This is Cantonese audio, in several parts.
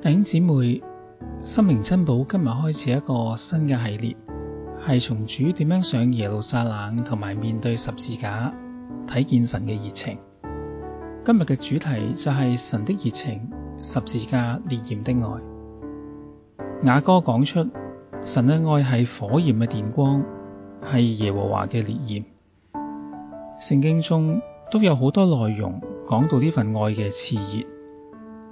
頂姊妹，心靈珍寶今日開始一個新嘅系列，係從主點樣上耶路撒冷同埋面對十字架，睇見神嘅熱情。今日嘅主題就係神的熱情，十字架烈焰的愛。雅歌講出神嘅愛係火焰嘅電光，係耶和華嘅烈焰。聖經中都有好多內容講到呢份愛嘅熾熱。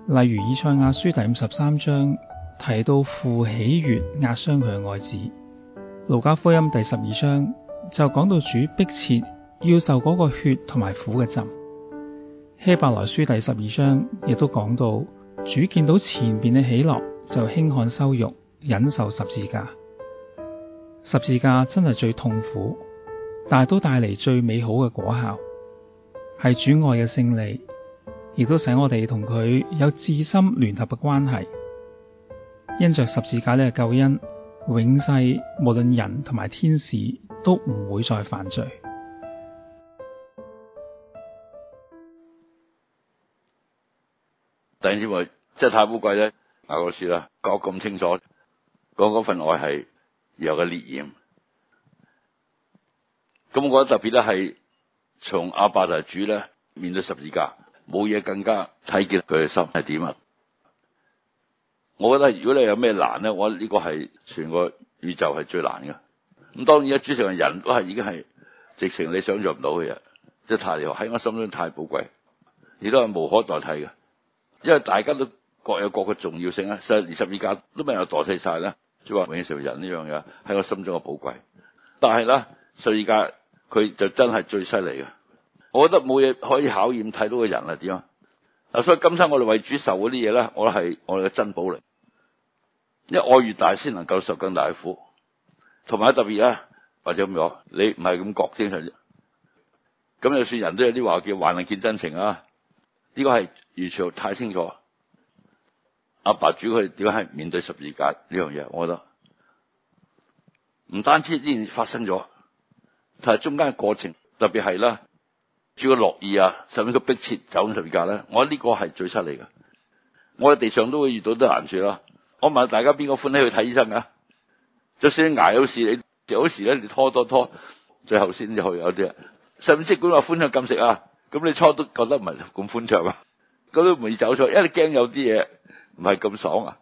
例如以賽亞書第五十三章提到父喜悅壓傷佢嘅愛子，路加福音第十二章就講到主迫切要受嗰個血同埋苦嘅浸，希伯來書第十二章亦都講到主見到前面嘅喜樂就輕看羞辱，忍受十字架。十字架真係最痛苦，但係都帶嚟最美好嘅果效，係主愛嘅勝利。亦都使我哋同佢有至深聯合嘅關係。因着十字架呢嘅救恩永世，無論人同埋天使都唔會再犯罪。第二，知唔即係太寶貴咧？雅歌書啦，講咁清楚，講嗰份愛係耶和華嘅烈焰。咁我覺得特別咧，係從阿爸就主咧面對十字架。冇嘢更加睇見佢嘅心係點啊！我覺得如果你有咩難咧，我呢個係全個宇宙係最難嘅。咁當然啦，主上嘅人都係已經係直情你想象唔到嘅嘢，即係太厲害喺我心中太寶貴，亦都係無可代替嘅。因為大家都各有各嘅重要性啊，實而十字架都未有代替晒啦。即係話永成人呢樣嘢喺我心中嘅寶貴，但係咧十字架佢就真係最犀利嘅。我覺得冇嘢，可以考驗太多個人係點啊！所以今生我哋為主受嗰啲嘢咧，我係我哋嘅珍寶嚟，因為愛越大，先能夠受更大嘅苦。同埋特別啊，或者咁講，你唔係咁覺正常，咁就算人都有啲話叫還能見真情啊，呢、這個係完全太清楚。阿爸，爸主佢點解係面對十字架呢樣嘢？我覺得唔單止呢件事發生咗，但係中間嘅過程，特別係啦。住個樂意啊，甚至個迫切走十二格咧，我呢個係最犀利嘅。我喺地上都會遇到啲難處啦。我問大家邊個歡喜去睇醫生啊？就算牙有事，你有時咧你，你拖多拖，最後先至去有啲。甚至管話歡暢禁食啊，咁你初都覺得唔係咁歡暢啊，咁都未走錯，因為你驚有啲嘢唔係咁爽啊。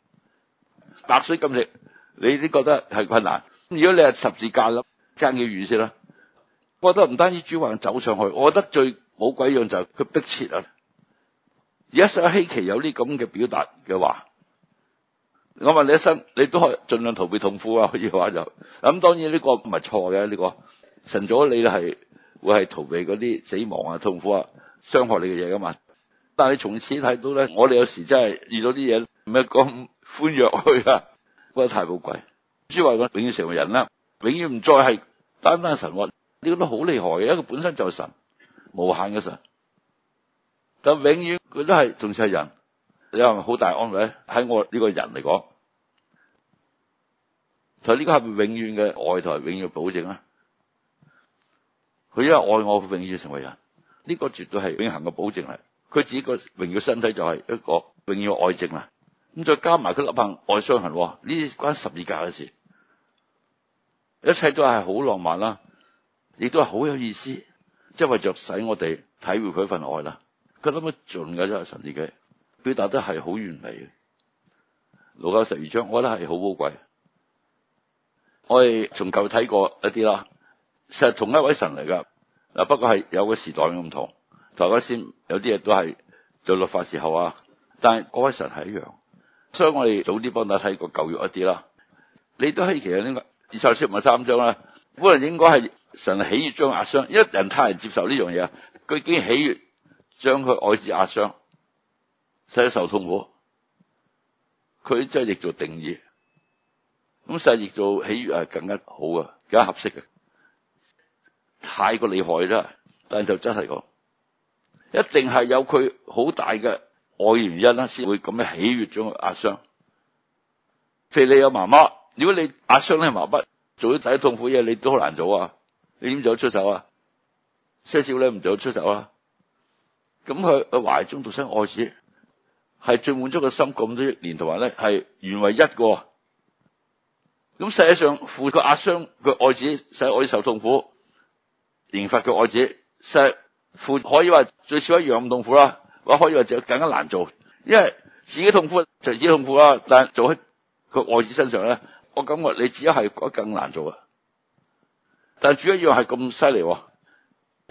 白水禁食，你都覺得係困難。如果你係十字架咁，爭啲遠先啦。我覺得唔單止主還走上去，我覺得最冇鬼樣就係佢迫切啊！而家西希奇有啲咁嘅表達嘅話，我問你一生，你都係盡量逃避痛苦啊？可以話就咁，當然呢個唔係錯嘅。呢、這個神咗你係會係逃避嗰啲死亡啊、痛苦啊、傷害你嘅嘢噶嘛。但係從此睇到咧，我哋有時真係遇到啲嘢唔咁寬約去啊，覺得太寶貴。主還永遠成為人啦，永遠唔再係單單神我、啊。呢個都好厲害嘅，因為佢本身就係神，無限嘅神，但永遠佢都係仲係人，你話好大安慰喺我呢個人嚟講，就、這、呢個係永遠嘅愛台，永遠的保證啦。佢因為愛我，佢永遠成為人，呢、這個絕對係永恆嘅保證啦。佢自己個永遠身體就係一個永遠的愛證啦。咁再加埋佢肋旁嘅傷痕，呢啲關十字架嘅事，一切都係好浪漫啦。亦都係好有意思，即係為着使我哋體會佢份愛啦。佢諗得盡噶啫，神自己表達得係好完美。路加十二章，我覺得係好寶貴。我哋從舊睇過一啲啦，實係同一位神嚟噶。不過係有個時代咁唔同。家先有啲嘢都係做律法時候啊，但係嗰位神係一樣。所以我哋早啲幫大家睇過舊約一啲啦。你都係其實呢個以賽書唔係三章啦。可能應該係應該係神喜悦將壓傷，一人他人接受呢樣嘢，佢竟然喜悦將佢愛至壓傷，使得受痛苦，佢真係譯做定意，咁譯做喜悦係更加好啊，更加合適嘅，太過厲害啦，但是就真係講，一定係有佢好大嘅愛原因啦，先會咁樣喜悦將佢壓傷。譬如你有媽媽，如果你壓傷你媽媽，做啲第一痛苦嘢，你都好難做啊！你點做得出手啊？些少呢，唔做得出手啊。咁佢佢懷中獨生愛子，係最滿足嘅心咁多年，同埋咧係原為一個。咁世界上負個壓傷，佢愛子使愛受痛苦，刑罰佢愛子使負可以話最少一樣咁痛苦啦，或可以話就更加難做，因為自己痛苦就自己痛苦啦，但做喺佢愛子身上咧。我感覺你只係覺得更難做啊！但係主要一係咁犀利，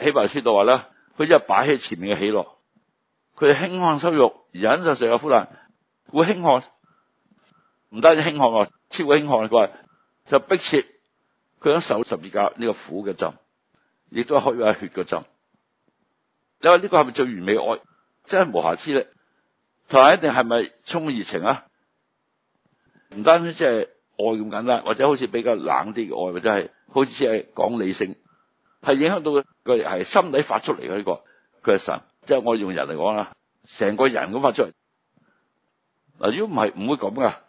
起埋書到話咧，佢就擺喺前面嘅喜樂，佢係輕看羞辱，忍受成個苦難，會輕看，唔單止輕看啊，超輕看。佢話就逼切，佢想守十字架呢個苦嘅浸，亦都可以話血嘅浸。你話呢個係咪最完美愛？真係無瑕疵咧。同埋一定係咪充滿熱情？啊唔單止即係。愛咁簡單，或者好似比較冷啲嘅愛，或者係好似係講理性，係影響到佢係心底發出嚟嘅呢個。佢係神，即係我用人嚟講啦，成個人咁發出嚟嗱。如果唔係唔會咁噶，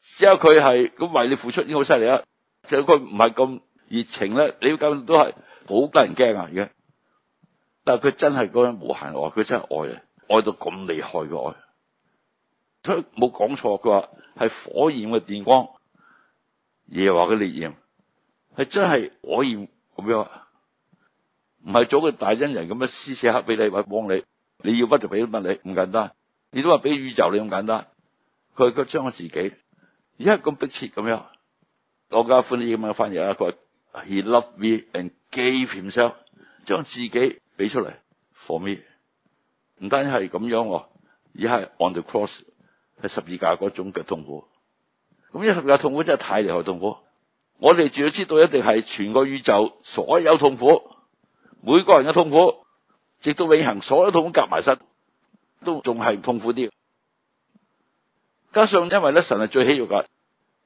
只有佢係咁為你付出已經好犀利啦。就佢唔係咁熱情咧，你要咁都係好得人驚啊。而家，但係佢真係嗰種無限愛，佢真係愛啊，愛到咁厲害嘅愛。所以冇講錯，佢話係火焰嘅電光。耶華嘅烈焰係真係可以咁樣，唔係做個大恩人咁樣施捨刻俾你或幫你，你要乜就俾乜你，唔簡單。你都話俾宇宙你咁簡單，佢佢將自己而家咁迫切咁樣，多家歡樣翻譯英文翻譯啊，佢 He loved me and gave himself，將自己俾出嚟 for me，唔單止係咁樣，而係 on the cross 係十字架嗰種嘅痛苦。咁一合嘅痛苦真係太厲害痛苦，我哋仲要知道一定係全個宇宙所有痛苦，每個人嘅痛苦，直到永恒，所有痛苦夾埋身都仲係痛苦啲。加上因為咧，神係最喜悅嘅，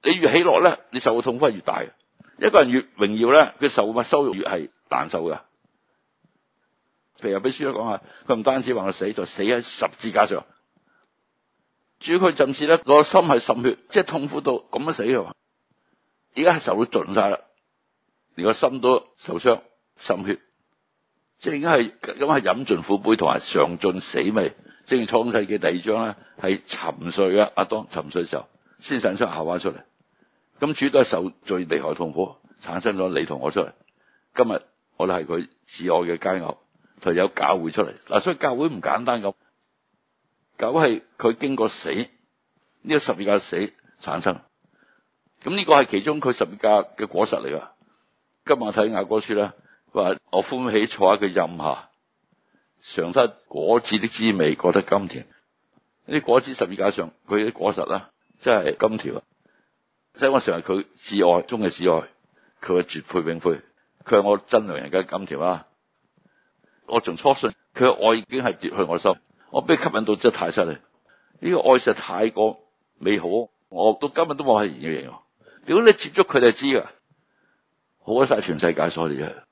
你越喜樂咧，你受嘅痛苦越大。一個人越榮耀咧，佢受嘅羞辱越係難受嘅，譬如俾書友講下，佢唔單止話佢死，就死喺十字架上。主佢甚至咧，個心係滲血，即係痛苦到咁樣死嘅話，而家係受到盡晒啦，連個心都受傷滲血，即係而家係咁係飲盡苦杯，同埋嘗盡死味。正係創世嘅第二章咧，係沉睡嘅阿當沉睡嘅時候，先想出夏娃出嚟。咁主都係受最厲害痛苦，產生咗你同我出嚟。今日我哋係佢摯愛嘅佳偶，佢有教會出嚟嗱，所以教會唔簡單咁。狗係佢經過死呢、這個十字架死產生，咁呢個係其中佢十字架嘅果實嚟㗎。今日睇雅歌書啦話我歡喜坐喺佢蔭下嘗得果子的滋味得，覺得甘甜。呢啲果子十字架上，佢啲果實啦，即係金條。使我成日佢至愛，中嘅至愛，佢係絕配永配，佢係我真良人嘅金條啦。我從初信佢愛已經係奪去我心。我俾吸引到真係太犀利，呢、這個愛實太過美好，我到今日都冇係形容形容。如果你接觸佢就知噶，好過晒全世界所嚟嘅。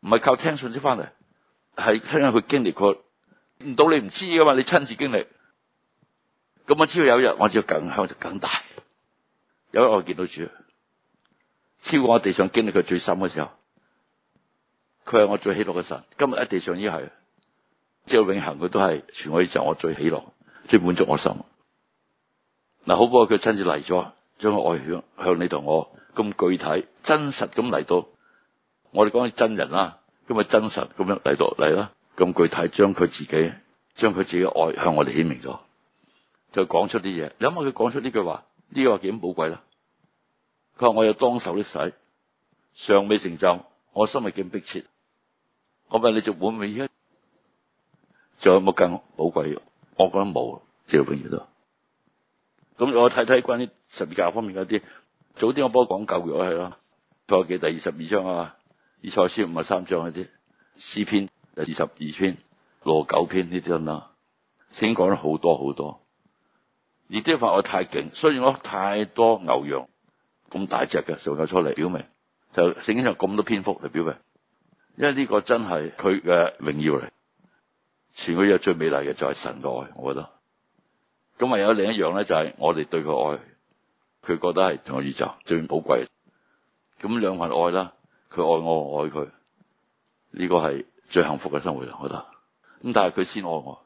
唔係靠聽信息翻嚟，係聽下佢經歷過，唔到你唔知噶嘛，你親自經歷，咁我只要有一日我只要更香就更大，有一日我會見到主，超過我地上經歷佢最深嘅時候，佢係我最喜樂嘅神，今日喺地上已經係。即係永恆，佢都係全我以就我最喜樂，最滿足我心。嗱、啊，好不過佢親自嚟咗，將個愛向向你同我咁具體、真實咁嚟到。我哋講起真人啦，咁啊真實咁樣嚟到嚟啦，咁具體將佢自己、將佢自己嘅愛向我哋顯明咗，就講出啲嘢。你諗下佢講出呢句話，句話寶貴呢個幾咁寶貴啦。佢話我有當受的洗，尚未成就，我心係幾逼切。我問你做滿未一？仲有冇更寶貴？我覺得冇，基督教都。咁我睇睇關於十二教方面嗰啲，早啲我幫我講舊約係咯，創記第二十二章啊，以賽書五啊三章嗰啲詩篇、第二十二篇、羅九篇呢啲啦，聖經講咗好多好多。而啲話我太勁，雖然我太多牛羊咁大隻嘅造就出嚟，表明就聖經有咁多篇幅嚟表明，因為呢個真係佢嘅榮耀嚟。全部嘢最美麗嘅就係神嘅愛，我覺得。咁又有另一樣咧，就係、是、我哋對佢愛，佢覺得係同宇宙最寶貴。咁兩份愛啦，佢愛我，我愛佢，呢、這個係最幸福嘅生活，我覺得。咁但係佢先愛我，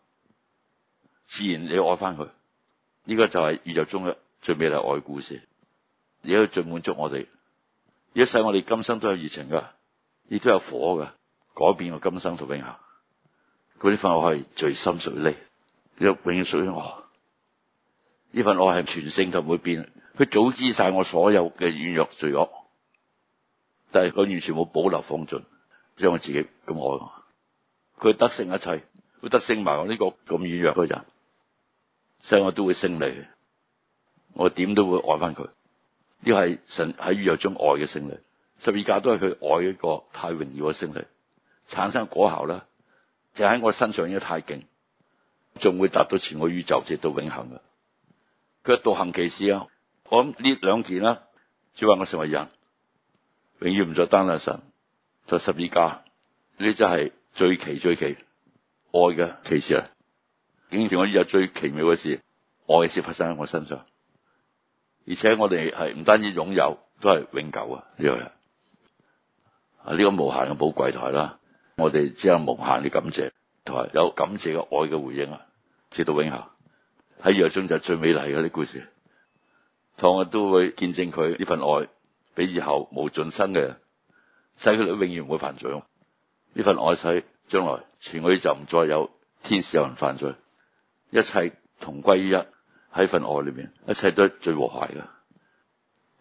自然你要愛翻佢，呢、這個就係宇宙中嘅最美麗愛的故事，而家最滿足我哋。一世我哋今生都有熱情㗎，亦都有火㗎，改變我今生同永恆。佢呢份愛係最深水呢，永遠屬於我。呢份愛係全勝，就唔會變，佢早知晒我所有嘅軟弱罪惡，但係佢完全冇保留放盡，將我自己咁愛我。佢得勝一切，佢得勝埋我呢個咁軟弱嘅人，所以我都會勝利。我點都會愛返佢，呢個係神喺軟弱中愛嘅勝利。十字架都係佢愛一個太榮耀嘅勝利，產生果效啦。就喺我身上已經太厲害，因為太勁，仲會達到全個宇宙直到永恆嘅。佢獨行奇事啊！我諗呢兩件啦，只係我成為人，永遠唔再單粒神，就十字架。呢就係最奇最奇愛嘅奇事啊！竟然我宇宙最奇妙嘅事，愛嘅事發生喺我身上，而且我哋係唔單止擁有，都係永久啊！呢、這個啊，呢、這個無限嘅寶貴台啦。我哋只有無限嘅感謝，同埋有，有感謝嘅愛嘅回應啊，直到永恒。喺宇宙中就最美麗嘅啲故事，同我都會見證佢呢份愛，俾以後無盡生嘅，使佢哋永遠唔會犯罪。呢份愛使將來全宇宙就唔再有天使有人犯罪，一切同歸於一喺份愛裏面，一切都係最和諧嘅，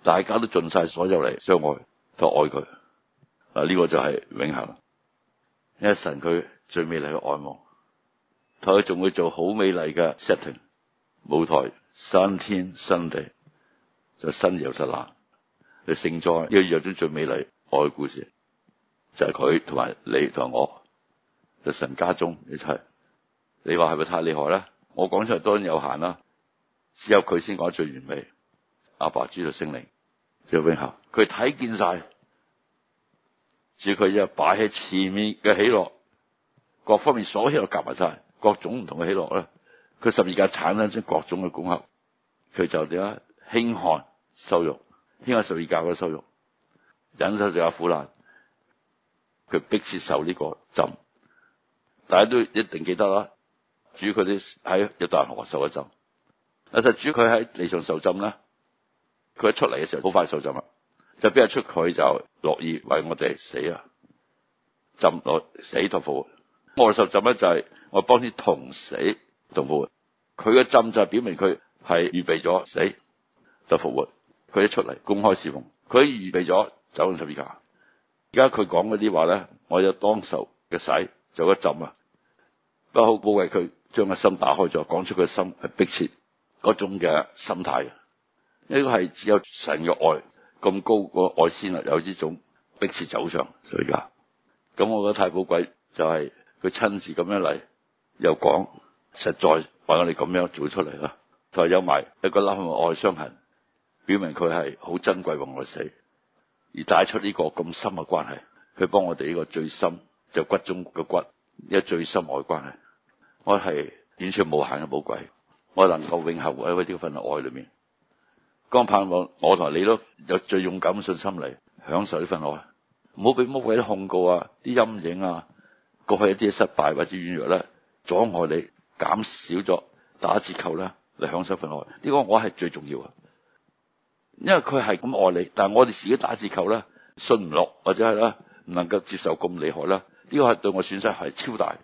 大家都盡晒所有嚟相愛就愛佢。啊，呢個就係永恒。因為神佢最美麗嘅愛慕，佢仲會做好美麗嘅 setting 舞台，新天新地就新耶路撒冷，就盛裝又要有張最美麗愛故事，就係佢同埋你同我就是，神家中一齊，一切你話係咪太厲害啦？我講出嚟，都有限啦，只有佢先講得最完美。阿爸知道聖靈就永效，佢睇見晒。主佢就擺喺前面嘅喜樂，各方面所有喜樂夾埋晒，各種唔同嘅喜樂咧，佢十字架產生出各種嘅功效，佢就點啊，輕看羞辱，輕看十字架嗰啲受辱，忍受住阿苦難，佢逼切受呢個浸。大家都一定記得啦，主佢啲喺一大河受嘅浸。但實主佢喺地上受浸啦，佢一出嚟嘅時候好快受浸，啦，就畀日出佢就。樂意為我哋死啊！浸落死同復活，我受浸咧就係我幫你同死同復活。佢嘅浸就係表明佢係預備咗死就復活。佢一出嚟公開侍奉，佢預備咗走咗十字架。而家佢講嗰啲話咧，我有當受嘅洗，就一浸啊！不好寶貴佢將個心打開咗，講出佢心係迫切嗰種嘅心態。呢個係只有神嘅愛。咁高個愛先啊！有呢種逼切走上所以噶，咁的我覺得太寶貴就係、是、佢親自咁樣嚟，又講實在話我哋咁樣做出嚟啦，仲、就是、有埋一個凹痕愛傷痕，表明佢係好珍貴嘅愛死，而帶出呢個咁深嘅關係，佢幫我哋呢個最深就是、骨中嘅骨，一、這個、最深愛關係，我係完全無限嘅寶貴，我能夠永恆喺呢份愛裏面。江盼望我同你都有最勇敢嘅信心嚟享受呢份愛，唔好俾魔鬼控告啊、啲陰影啊、過去一啲失敗或者軟弱咧，阻礙你減少咗打折扣啦嚟享受這份愛。呢、這個我係最重要啊，因為佢係咁愛你，但係我哋自己打折扣咧，信唔落或者係啦，唔能夠接受咁厲害啦，呢、這個係對我損失係超大。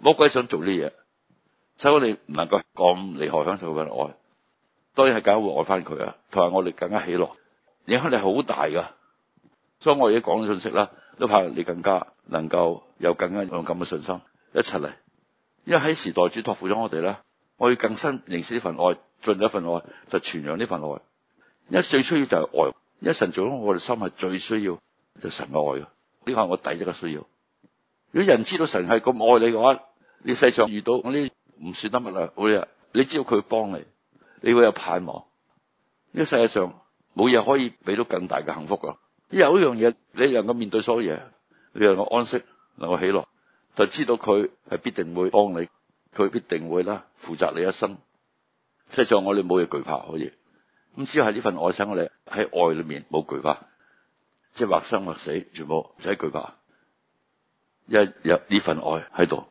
魔鬼想做啲嘢，使我哋唔能夠咁厲害享受份愛。當然係更會愛翻佢啊！同埋我哋更加喜樂，影響力好大噶。所以我而家講嘅信息啦，都怕你更加能夠有更加勇咁嘅信心一齊嚟，因為喺時代主托付咗我哋啦。我要更深認識呢份愛，盡咗份愛就傳揚呢份愛。一最需要就係愛，一神做咗我哋心係最需要就神嘅愛㗎。呢個係我第一個需要。如果人知道神係咁愛你嘅話，你世上遇到我啲唔算得物啊，好嘢，你只要佢幫你。你會有盼望，呢個世界上冇嘢可以俾到更大嘅幸福噶。有一樣嘢，你能夠面對所有嘢，你能夠安息，能夠喜樂，就知道佢係必定會幫你，佢必定會啦，負責你一生。即係在我哋冇嘢懼怕可以，咁只要係呢份愛神，我哋喺愛裏面冇懼怕，即係或生或死，全部唔使懼怕，因為有呢份愛喺度。